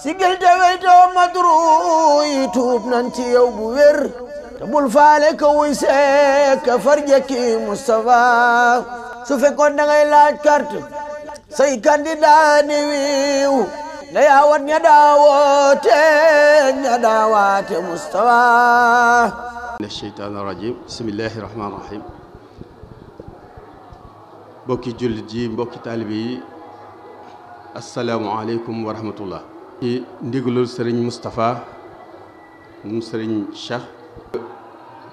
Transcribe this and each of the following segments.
sigil te weytoo madru yi tuub nan ci yow bu wér te bul faale ka wuy seek ka farjaki Moustapha su fekkoon da ngay laaj carte say candidat wiiw na yaawat ña daawoote ña daawaate Moustapha mina sheytaan rajim bismillahi rahmaan rahim mbokki jullit yi mbokki taalibe yi asalaamu aleykum wa rahmatullah ci ndigalul sëriñ mustafa moom sëriñ Cheikh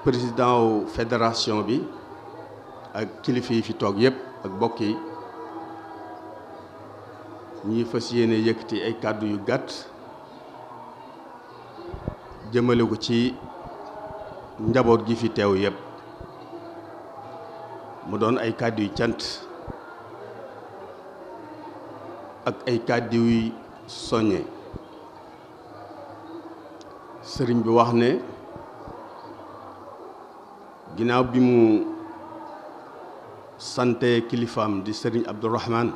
président wu bi ak kilifa yi fi toog yépp ak bokk yi ñuy fas yéene yëkkati ay kàddu yu gàtt jëmale ko ci njaboot gi fi teew yépp mu doon ay kàddu yu cant ak ay kàddu yu soññe sëriñ bi wax ne ginnaaw bi mu sante kilifaam di sëriñ Abdourahman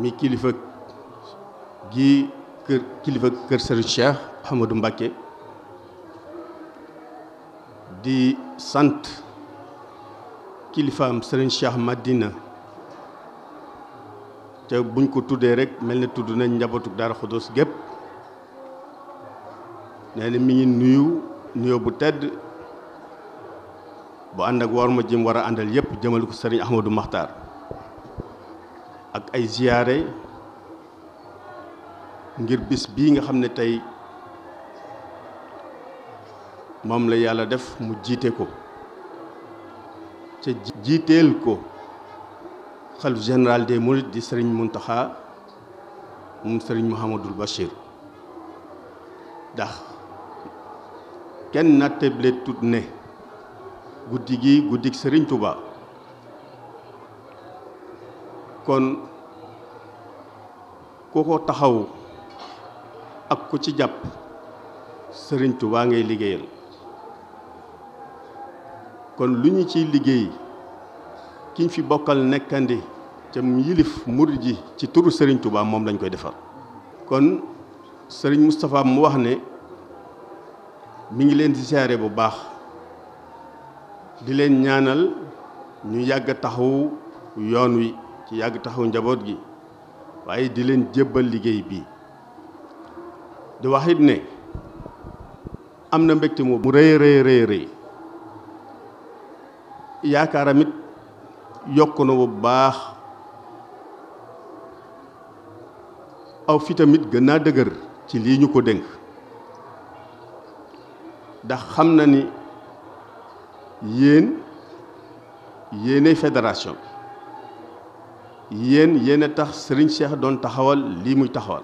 mi kilifa gi kër kilifa kër sëriñ Cheikh Ahmadou Mbacké di sant kilifaam sëriñ Cheikh Madina te buñ ko tuddee rek mel ne tudd nañ njabootu Daaru gépp nee mi ngi nuyu nuyoo bu tedd bu ànd ak war ma jëm war a àndal yëpp jëmale ko sëriñ Ahmadou Maxtaar ak ay ziyaare ngir bis bii nga xam ne tey moom la yàlla def mu jiite ko ca jiiteel ko xalif général des mourides di sëriñ Muntaxa mu sëriñ Mouhamadul Bachir ndax kenn nattable tut ne guddi gi guddik sëriñ Tuba kon ku ko taxawu ak ku ci jàpp sëriñ Tuba ngay liggéeyal kon lu ñu ciy liggéey kiñ fi bokkal nekkandi ca yilif murid ji ci turu sëriñ tubaa moom lañ koy defar kon sëriñ Moustapha mu wax ne mi ngi leen di siyaare bu baax di leen ñaanal ñu yàgg taxawu yoon wi ci yàgg taxawu njaboot gi waaye di leen jébbal liggéey bi di wax ne am na mbégte mu rëy rëy rëy rëy yaakaaram it yokku na bu baax aw fi tamit gën naa dëgër ci lii ñu ko dénk ndax xam na ni yéen yéenay fédération yéen yéen a tax Serigne Cheikh doon taxawal lii muy taxawal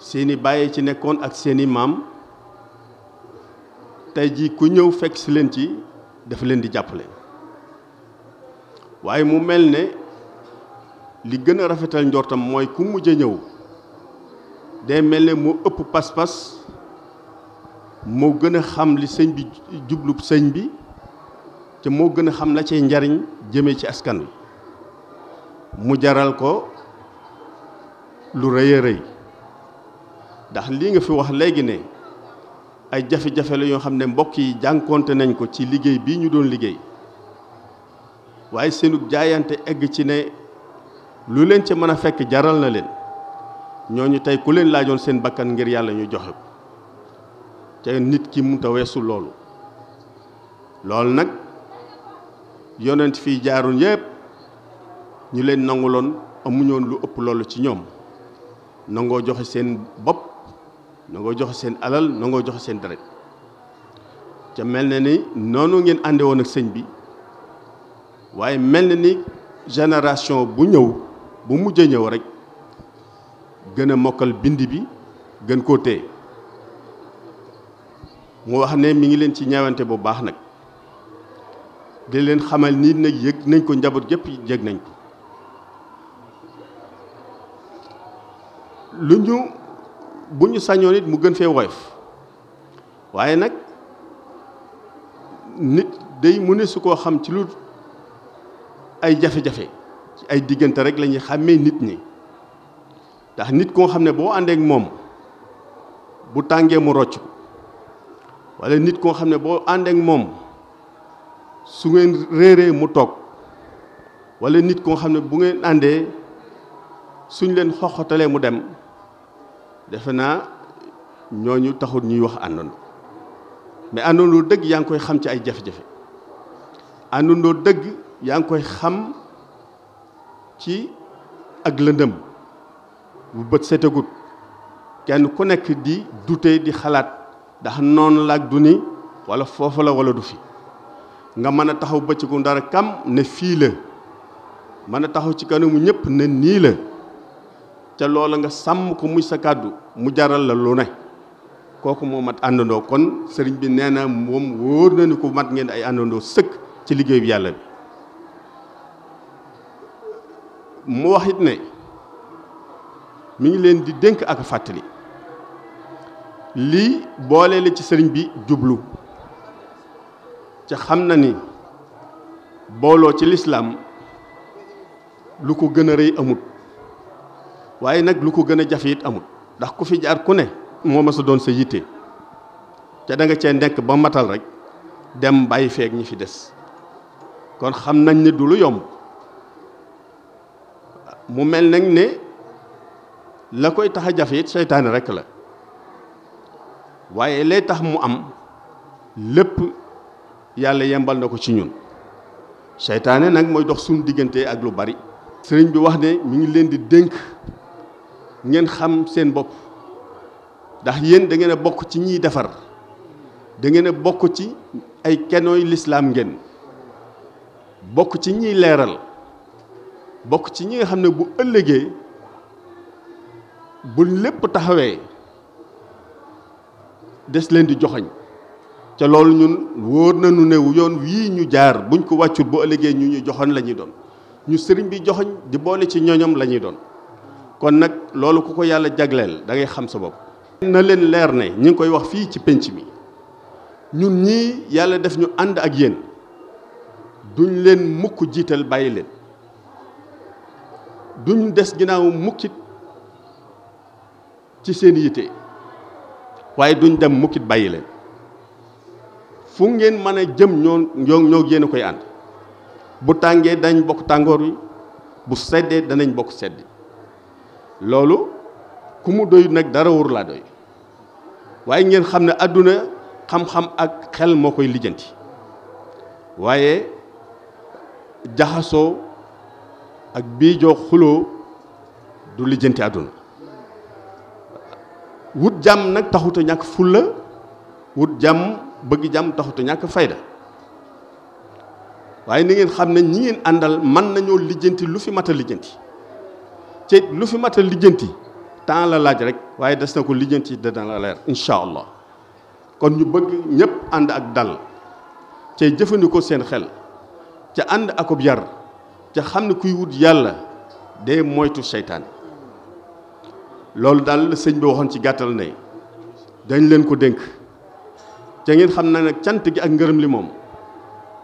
seeni bàyyi ci nekkoon ak seeni maam tey jii ku ñëw fekk si leen ci dafa leen di jàppale waaye mu mel ne li gën a rafetal njortam mooy ku mujj a ñëw day mel ne moo ëpp pas-pas. moo gën a xam li sëñ bi jublub sëñ bi te moo gën a xam la ciy njariñ jëme ci askan wi mu jaral ko lu rëy a rëy ndax lii nga fi wax léegi ne ay jafe-jafe la yoo xam ne mbokk yi jànkoonte nañ ko ci liggéey bii ñu doon liggéey waaye seenug jaayante egg ci ne lu leen ca mën a fekk jaral na leen ñooñu tey ku leen laajoon seen bakkan ngir yàlla ñu joxe ko te nit ki mënut a weesu loolu loolu nag yonent fii jaarun yépp ñi leen nanguloon amuñoon lu ëpp loolu ci ñoom nangoo joxe seen bopp nangoo joxe seen alal nangoo joxe seen deret ca mel na ni noonu ngeen ànde woon ak sëñ bi waaye mel na ni génération bu ñëw bu mujj ñëw rek gën a mokkal bind bi gën koo téye mu wax ne mi ngi leen ci ñeewante bu baax nag di leen xamal nii nag yëg nañ ko njaboot gépp yëg nañ ko lu ñu bu ñu sañoon it mu gën fee woyof waaye nag nit day mu ne su koo xam ci lu ay jafe-jafe ci ay diggante rek lañuy xàmmee nit ñi ndax nit koo xam ne boo àndeek moom bu tàngee mu rocc ko wala nit koo xam ne boo àndeek moom su ngeen réeree mu toog wala nit koo xam ne bu ngeen àndee suñ leen xoxotalee mu dem defe naa ñooñu taxul ñuy wax àndandoo mais àndandoo dëgg yaa ngi koy xam ci ay jafe-jafe dëgg yaa ngi koy xam ci ak lëndëm bu bët setegut kenn ku nekk di dute di xalaat. ndax noonu la ak du ni wala foofu la wala du fi nga mën a taxaw bëccëgu ndara kam ne fii la mën a taxaw ci kanamu ñëpp ne nii la ca loola nga sàmm ko muy sa kàddu mu jaral la lu ne kooku moo mat àndandoo kon sëriñ bi nee na moom wóor na ni ku mat ngeen ay àndandoo sëkk ci liggéey bi yàlla bi mu wax ne mu ngi leen di dénk ak fàttali lii booleele ci sëriñ bi jublu ca xam na ni booloo ci lislaam lu ko gën a rëy amut waaye nag lu ko gën a jafe it amut ndax ku fi jaar ku ne moo ma sa doon sa yitte ca danga cee ndekk ba matal rekk dem bàyyi feeg ñi fi des kon xam nañ ni du lu yomb mu mel nag ne la koy tax a jafe it seytaane rekk la waaye lay tax mu am lépp yàlla yembal na ko ci ñun seytaane nag mooy dox suñu diggante ak lu bari sëriñ bi wax ne mi ngi leen di dénk ngeen xam seen bopp ndax yéen dangeen a bokk ci ñiy defar da ngeen a bokk ci ay kenooy lislaam ngeen bokk ci ñiy leeral bokk ci ñi nga xam ne bu ëllëgee bu lépp taxawee des leen di joxoñ ca loolu ñun wóor nañu ne yoon wii ñu jaar buñ ko wàccul bu ëllëgee ñu ñu joxoñ lañuy doon ñu sëriñ bi joxoñ di boole ci ñoñom lañuy doon kon nag loolu ku ko yàlla jagleel dangay xam sa bopp. na leen leer ne ñu ngi koy wax fii ci penc mi ñun ñii yàlla def ñu ànd ak yéen duñ leen mukk jiital bàyyi leen duñ des ginnaawum mukkit ci seen yitte. waaye duñ dem mukkit bàyyi leen fu ngeen mën a jëm ñoo ñoo ñoo yéen koy ànd bu tàngee danañ bokk tàngoor wi bu seddee danañ bokk sedd loolu ku mu doy nag dara wóor laa doy waaye ngeen xam ne àdduna xam-xam ak xel moo koy lijjanti waaye jaxasoo ak biijoo xuloo du lijjanti àdduna wut jàmm nag taxut ñàkk fulla wut jàmm bëgg jàmm taxutu ñàkk fayda waaye ni ngeen xam ne ñi ngeen àndal man nañoo lijjanti lu fi mat a lijjanti te lu fi mat a lijjanti temps la laaj rek waaye des na ko lijjanti dana la leer incha allah kon ñu bëgg ñëpp ànd ak dal te jëfandikoo seen xel ci ànd akub yar ca xam ne kuy wut yàlla day moytu seytaane loolu daal sëñ bi waxoon ci gàttal ne dañ leen ko dénk te ngeen xam na nag cant gi ak ngërëm li moom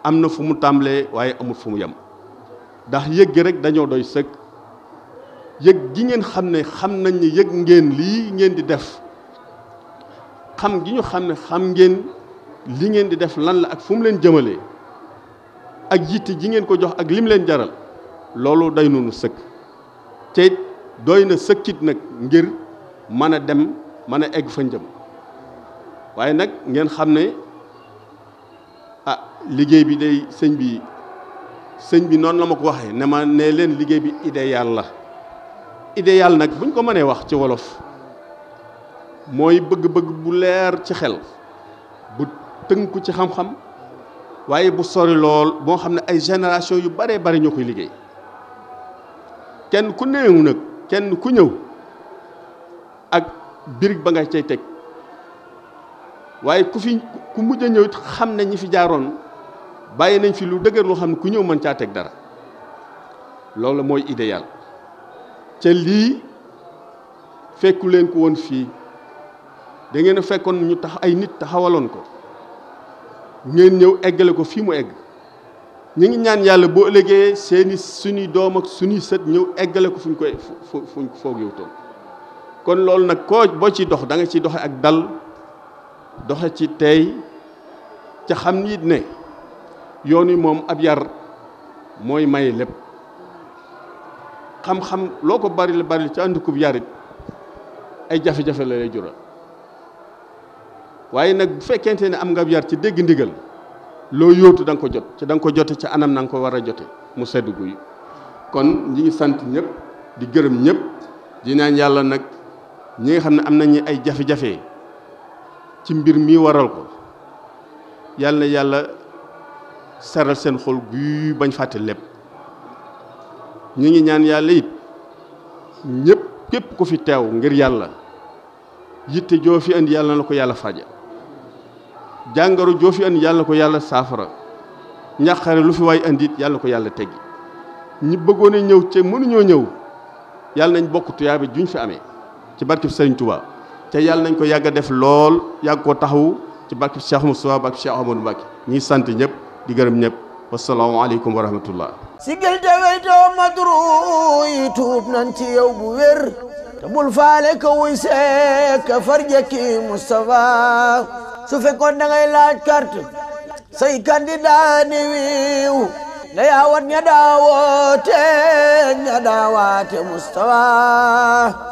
am na fu mu tàmbalee waaye amul fu mu yem ndax yëg gi rek dañoo doy sëkk yëg gi ngeen xam ne xam nañ ni yëg ngeen lii ngeen di def xam gi ñu xam ne xam ngeen li ngeen di def lan la ak fu mu leen jëmalee ak yitte ji ngeen ko jox ak lim leen jaral loolu day noonu sëkk doy na sëkkit nag ngir mën a dem mën a egg fa njëm waaye nag ngeen xam ne a ah, liggéey bi day sëñ bi sëñ bi noonu la ma ko waxee ne ma ne leen liggéey bi idéal la idéal nag buñ ko mënee wax ci wolof mooy bëgg-bëgg bu leer ci xel bu tënku ci xam-xam waaye bu sori lool boo xam ne ay génération yu baree bari ñoo koy liggéey kenn ku néew nag kenn ku ñëw ak birig ba nga cay teg waaye ku fi ku mujj ñëwit xam ne ñi fi jaaroon bàyyi nañ fi lu dëgër loo xam ne ku ñëw mën caa teg dara loolu mooy idéal ca lii fekku leen ko woon fii dangeen fekkoon ñu tax ay nit taxawaloon ko ngeen ñëw eggale ko fii mu egg ñu ngi ñaan yàlla boo ëllëgee seeni suñuy doom ak suñuy sët ñëw eggale ko fuñ koy fu fuñ foog yow toon kon loolu nag koo boo ci dox danga nga ci doxe ak dal doxe ci tey ca xam nit ne yoon wi moom ab yar mooy maye lépp xam-xam loo ko bari la bari ci àndukub yarit ay jafe-jafe la lay jural waaye nag bu fekkente ne am nga ab yar ci dégg ndigal loo yóotu da nga ko jot ci danga nga ko jote ci anam na nga ko war a jote mu sedd guy kon ñi ngi sant ñëpp di gërëm ñëpp di naan yàlla nag ñi nga xam ne am nañu ay jafe-jafe ci mbir mi waral ko yàlla na yàlla seral seen xol guy bañ fàtte lépp ñu ngi ñaan yàlla yit ñëpp képp ku fi teew ngir yàlla yitte joo fi indi yàlla na ko yàlla faja jàngoro joo fi andi yàlla ko yàlla saafara ñàqare lu fi waay andit yàlla ko yàlla teggi ñi bëggoon a ñëw ca mënuñoo ñëw yàlla nañ bokk tuyaaba juñ fi amee ci barkeb Sëriñ Tuubaa te yàlla nañ ko yàgg def lool yàgg koo taxawu ci barkeb Cheikh Moustapha barkeb Cheikh Ahmadou Mbacké ñi sant ñëpp di gërëm ñëpp wassalaamu aleykum wa rahmatullah sigil te weytoo madru yi tuub nan ci yow bu wér te faale ko wuy seek farjaki Moustapha su fekkoon da laaj carte say candidat ni wiiw na yaawat ña daawoote ña daawaate Mustafa